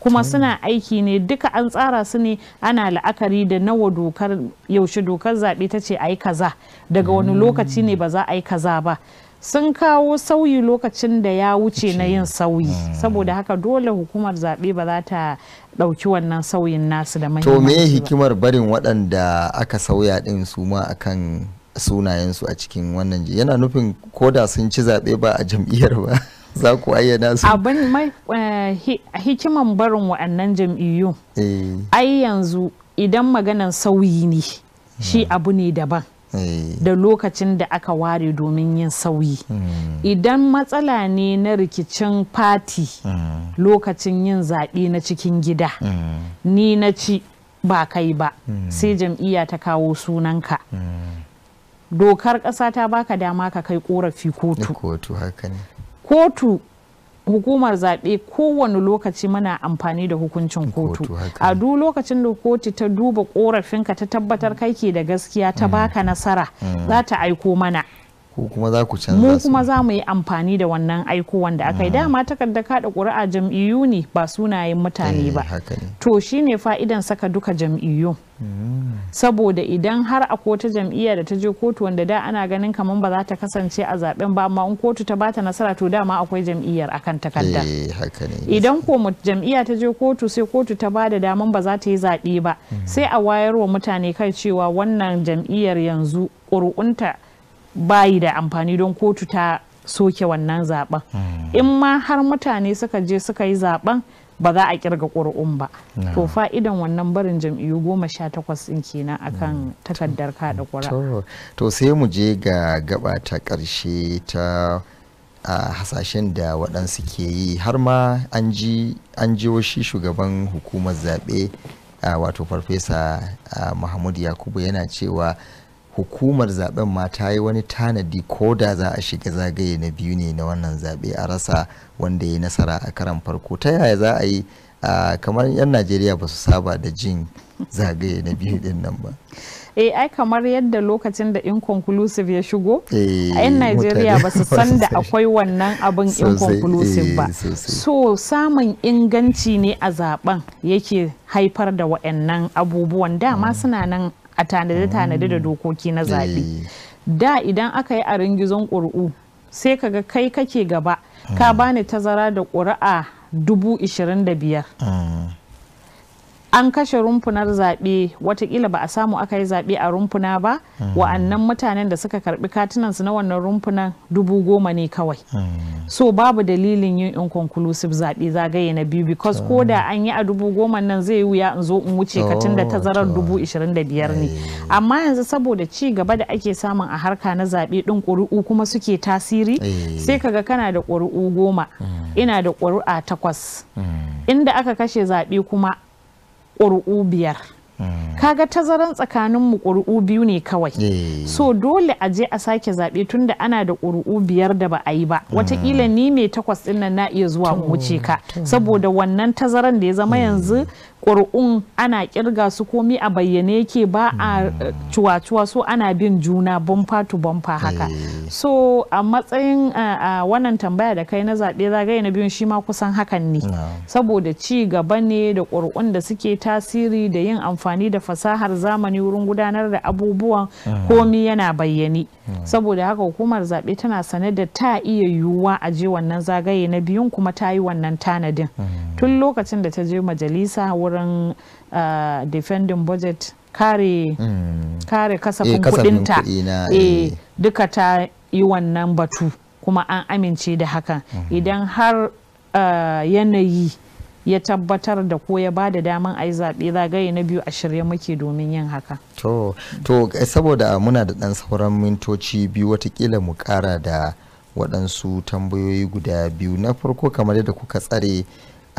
kuma hmm. suna aiki ne duka an tsara su ne ana la'akari da nawa dokar yaushe dokar zaɓe ta ce a yi kaza daga wani lokaci ne ba za a yi kaza ba sun kawo sauyi lokacin da ya wuce na yin sauyi hmm. saboda haka dole hukumar zaɓe ba za ta ɗauki wannan sauyin nasu da manyan to me hikimar barin waɗanda aka sauya ɗin su ma akan sunayensu a cikin wannan yana nufin ko da sun ci zaɓe ba a jam'iyyar ba za ku ayyana su abin mai eh, hikiman barin waɗannan jam'iyyu eh. ai yanzu idan maganan sauyi ne shi hmm. abu ne daban Eh. da lokacin da aka ware domin yin sauyi hmm. idan matsala ne na rikicin fati hmm. lokacin yin zaɓe na cikin gida hmm. ni na ci ba kai ba sai jam'iyya ta kawo sunanka dokar ƙasa ta baka dama ka kai ƙorafi kotu kotu hukumar zaɓe kowane lokaci mana amfani da hukuncin kotu a duk lokacin da kotu ta duba korafinka ta tabbatar kai ke da gaskiya ta mm. baka nasara mm. za ta aiko mana ko kuma za ku canza mu kuma za mu yi amfani da wannan aiko wanda aka yi dama takarda kada ƙuri'a jam'iyyu ne ba sunayen mutane eh, ba to shine fa'idan saka duka jam'iyyu mm. saboda idan har a kota jam'iyya da ta je kotu wanda da ana ganin kamar ba za ta kasance a zaben ba amma in kotu ta bata nasara to dama akwai jam'iyyar akan takarda eh, idan ko jam'iyya ta je kotu sai kotu ta bada daman ba za ta yi zaɓe ba mm. sai a wayarwa mutane kai cewa wannan jam'iyyar yanzu ƙuri'unta bayi da amfani don kotu ta soke wannan zaben hmm. in ma har mutane suka je suka yi zaben ba za a kirga ƙuri'un ba to fa'idan wannan barin jam'iyyu goma sha takwas ɗin kenan akan hmm. takardar kaɗa ƙura to sai mu je ga gaba ta ƙarshe ta a hasashen da waɗansu ke yi har ma an ji shi shugaban hukumar zaɓe wato farfesa mahmud yakubu yana cewa hukumar zaben ma ta yi wani tanadi ko da za a shiga zagaye na biyu ne na wannan zaɓe a rasa wanda ya yi nasara a karan farko ta yaya za a yi kamar 'yan najeriya ba su saba da jin zagaye na biyu din nan ba eh ai kamar yadda lokacin da inconclusive ya shigo eh, a 'yan najeriya ba su san da akwai wannan abin inconclusive ba eh, so samun inganci ne a zaben yake haifar da wa'annan abubuwan dama mm. suna nan a tanade-tanade da mm. dokoki na zaɓe eh. da idan aka yi a ringizon ƙuri'u sai kaga kai kake gaba ka mm. bani tazara da ƙuri'a dubu ishirin da biyar mm. an kashe rumfunar zaɓe watakila ba a samu aka yi zaɓe a rumfuna ba mm-hmm. wa'annan mutanen da suka karɓi katunansu na wannan rumfunan dubu goma ne kawai mm. so babu dalilin yin inconclusive zaɓe zagaye na biyu because ko da an yi a dubu goma nan zai wuya in zo in wuce ka da oh, tazarar dubu ishirin da biyar ne amma yanzu saboda ci gaba da ake samun a harka na zaɓe ɗin ƙuri'u kuma suke tasiri sai kaga kana da ƙuri'u goma mm. ina da ƙuri'a takwas mm. inda aka kashe zaɓe kuma ƙuri'u biyar hmm. kaga tazaran tsakanin mu ƙuri'u biyu ne kawai eh. so dole a je a sake zaɓe tunda ana da ƙuri'u biyar da ba a yi ba hmm. watakila ni mai takwas ɗin na iya zuwa wuce ka saboda wannan tazaran da ya zama hmm. yanzu ƙuri'un ana kirga su komi a bayyane yake ba a cuwa-cuwa so ana bin juna bumfa to bumfa haka eh. so a matsayin wannan tambaya da kai na zaɓe zagaye na biyun shi ma kusan hakan ne saboda ci gaba ne da ƙuri'un da suke tasiri da yin amfani da fasahar zamani wurin gudanar da abubuwan mm. komi yana bayyane mm. saboda haka hukumar zaɓe tana sane da ta iya yiwuwa a je wannan zagaye na biyun kuma ta yi wannan tanadin mm. tun lokacin da ta je majalisa wurin uh, defending budget kare hmm. kare kasafin eh, kudinta eh, eh. duka ta yi wannan batu kuma an amince da haka hmm. idan har uh, yanayi ya tabbatar da ko ya ba da daman a yi zaɓe zagaye na biyu a shirya muke domin yin haka. To, saboda muna da ɗan sauran mintoci biyu watakila mu kara da waɗansu tambayoyi guda biyu na farko kamar yadda kuka tsare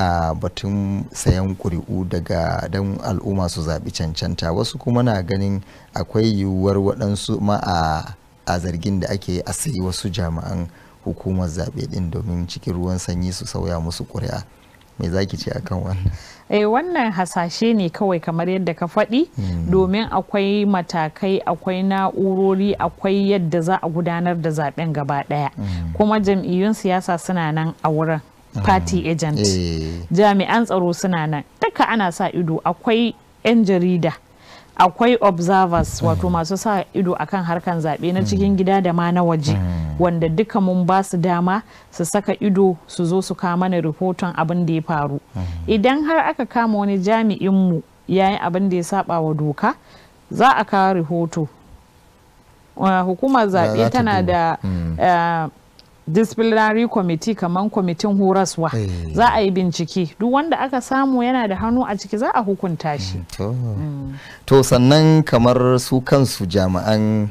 a batun sayan kuri'u daga don al'umma su zaɓi cancanta wasu kuma na ganin akwai yiwuwar waɗansu ma a zargin da ake a sayi wasu jami'an hukumar zaɓe ɗin domin cikin ruwan sanyi su sauya musu ƙuri'a me za ki ce akan wannan eh wannan hasashe ne kawai kamar yadda ka faɗi hmm. domin akwai matakai akwai na'urori akwai yadda za a gudanar da zaɓen gaba ɗaya hmm. kuma jam'iyyun siyasa suna nan a wurin party mm. agent eh. jami'an tsaro suna nan duka ana sa ido akwai 'yan jarida akwai observers mm. wato masu sa ido akan harkan zaɓe na cikin mm. gida da ma na waje wanda duka mun ba su dama su saka ido su zo su kama mana rahoton abin da ya faru idan har aka kama wani jami'inmu yayin abin da ya saba wa doka za a kawo rahoto uh, hukumar zaɓe tana da uh, disciplinary committee kamar kwamitin horaswa hey. Eh. za a yi bincike duk wanda aka samu yana da hannu a ciki za a hukunta shi mm, mm. to sannan kamar su kansu jami'an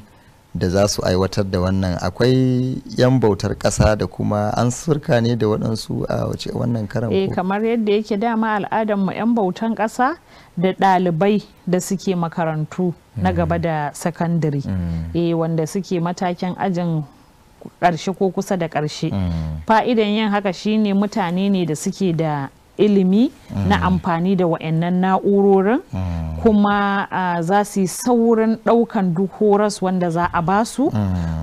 da za su aiwatar da wannan akwai yan bautar ƙasa da kuma an surka ne da waɗansu a wannan karan eh kamar yadda yake dama al'adar mu yan bautan ƙasa da ɗalibai da suke makarantu na mm. gaba da sakandare eh wanda suke matakin ajin ƙarshe ko kusa da ƙarshe mm. fa'idan yin haka shine mutane ne da suke da ilimi mm. na amfani da wa'annan na'urorin mm. kuma za su yi saurin ɗaukan duk horas wanda za a basu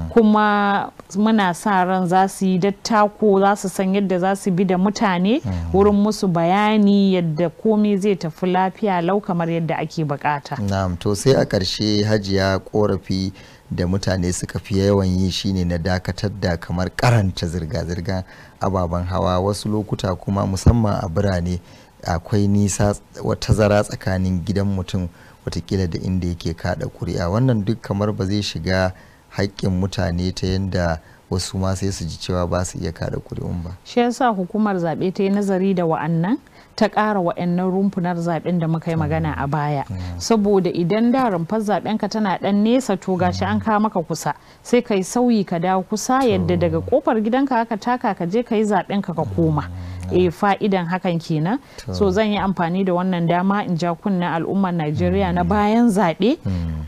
kuma muna sa ran za su yi dattako za su san yadda za su bi da mutane wurin musu bayani yadda komai zai tafi lafiya lau kamar yadda ake bukata. Na'am to sai a ƙarshe hajiya ƙorafi da mutane suka fi yawan yi shine na dakatar da kamar karanta zirga-zirga ababen hawa wasu lokuta kuma musamman a birane akwai nisa tazara tsakanin gidan mutum watakila da inda yake kada kuri'a wannan duk kamar ba zai shiga haƙƙin mutane ta yadda wasu ma sai su ji cewa ba su iya kada kuri'un ba shi yasa hukumar zaɓe ta yi nazari da wa'annan ta ƙara wa'annan rumfunar zaɓen da muka yi magana a baya mm. Mm. saboda idan da rumfar zaɓen ka tana ɗan nesa to gashi an mm. kawo maka kusa sai kai sauyi ka dawo kusa yadda daga kofar gidanka aka taka ka je ka yi zaɓen ka ka koma e fa'idan hakan kenan so zan yi amfani da wannan dama in ja kunnen al'ummar najeriya na bayan zaɓe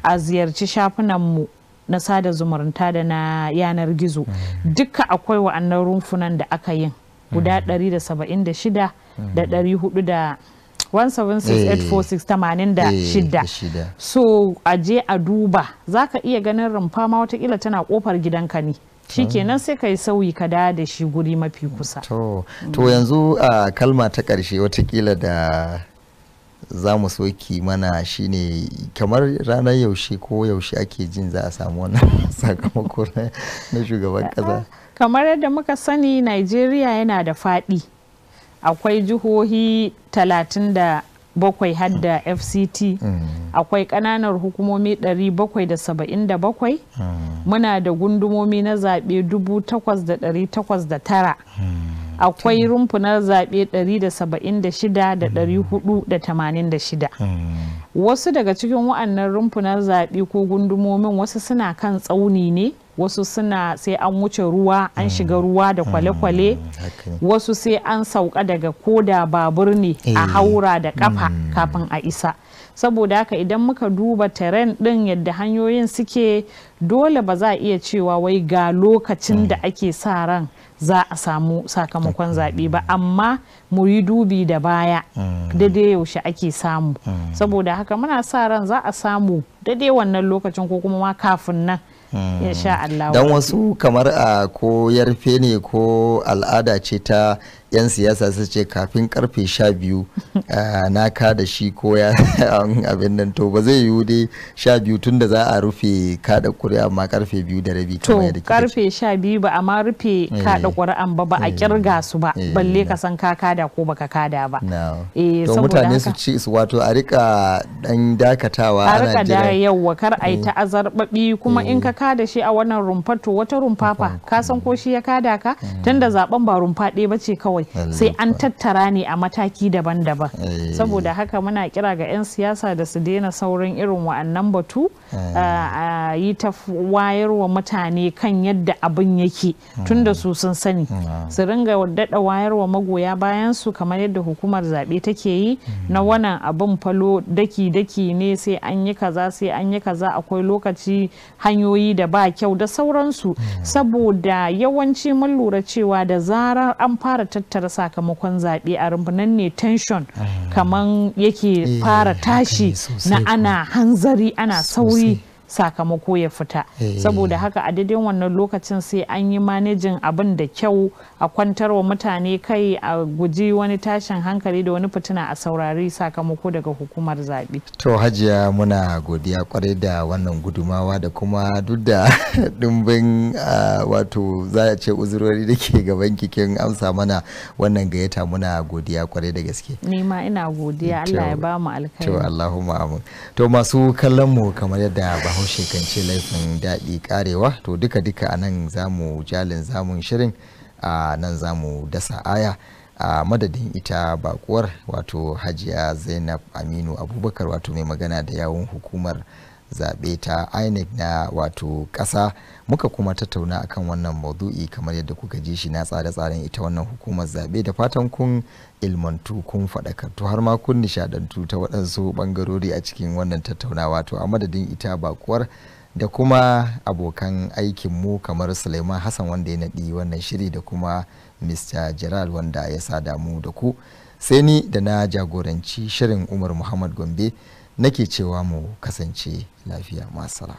a ziyarci shafinanmu na sada zumunta da na yanar gizo mm. duka akwai wa'annan rumfunan da aka yin guda 176 mm. da 176 mm. eh, so a je a duba za ka iya ganin rumfa ma watakila tana kofar gidanka ne shi shikenan sai ka yi sauyi ka da da shi guri mafi kusa to yanzu a kalma ta ƙarshe watakila da za mu soki mana shine kamar ranar yaushe ko yaushe ake jin za a samu wannan sakamako na shugaban kasa kamar yadda muka sani nigeria yana da faɗi akwai jihohi 37 har da fct mm. akwai ƙananan hukumomi 777 mm. muna da gundumomi na zaɓe 8,809 akwai hmm. rumfunar zaɓe 176,486 hmm. hmm. wasu daga cikin wa'annan rumfunar zaɓe ko gundumomin wasu suna kan tsauni ne wasu suna sai an wuce ruwa an shiga ruwa da kwale-kwale wasu sai an sauka daga koda babur ne a eh. haura da kafa kafin a isa. saboda haka idan muka duba teren din yadda hanyoyin suke dole ba za a iya cewa wai ga lokacin da mm. ake sa ran za a samu sakamakon zaɓe ba amma mu yi dubi da baya mm. daidai yaushe ake samu mm. saboda haka muna sa ran za a samu daidai wannan lokacin ko kuma ma kafin nan sha Allah dan wasu kamar a ko yarfe ne ko al'ada ce ta yan siyasa su ce kafin karfe sha biyu na ka da shi ko ya abin nan to ba zai yiwu dai sha biyu tun da za a rufe kada kuri'a ma karfe biyu da rabi to karfe sha biyu ba a ma rufe eh. kada kuri'an ba ba a kirga eh. su ba eh. balle ka san ka kada ko baka kada ba to mutane su ci su wato a rika dan dakatawa a rika da rika kar a yi ta azarbabi kuma in ka kada shi a wannan rumfa to wata rumfa fa ka san ko shi ya kada ka tunda zaben ba rumfa ɗaya ba ce kawai kawai sai an tattara ne a mataki daban-daban eh. saboda haka muna kira ga 'yan siyasa da su daina saurin irin wa'annan batu eh. a yi ta wayarwa mutane kan yadda abin yake hmm. da su sun sani hmm. su ringa daɗa wayarwa magoya bayan su kamar yadda hukumar zaɓe take yi hmm. na wannan abin falo daki-daki ne sai an yi kaza sai an yi kaza akwai lokaci hanyoyi da ba kyau da sauransu saboda yawanci mun lura cewa da zarar an fara tattalin tattara sakamakon zaɓe a rumfunan ne tension mm. kamar yake eh, fara tashi na ana hanzari ana sauri sakamako ya fita eh. saboda haka a daidai wannan lokacin sai an yi manejin abin da kyau a kwantar wa mutane kai a guji wani tashin hankali da wani fitina a saurari sakamako daga hukumar zaɓe. to hajiya muna godiya kwarai da wannan gudumawa da kuma duk da dimbin wato za a ce uzurori da ke gaban kikin amsa mana wannan gayyata muna godiya kwarai da gaske nima ina godiya Allah ya ba mu alkhairi to Allahumma amin to masu kallon mu kamar yadda ba bahaushe kan ce laifin daɗi karewa to duka-duka a nan zamu jalin zamun shirin a nan zamu dasa aya a madadin ita bakuwar wato hajiya zainab aminu abubakar wato mai magana da yawun hukumar zaɓe ta inec na wato ƙasa muka kuma tattauna akan wannan maudu'i kamar yadda kuka ji shi na tsare-tsaren ita wannan hukumar zaɓe da fatan kun ilmantu kun faɗakartu har ma kun nishadantu ta waɗansu ɓangarori a cikin wannan tattaunawa to a madadin ita bakuwar da kuma abokan aikinmu kamar suleiman hassan wanda ya naɗi wannan shiri da kuma mr gerald wanda ya sa damu da ku sai ni da na jagoranci shirin umar muhammad gombe nake cewa mu kasance lafiya masala.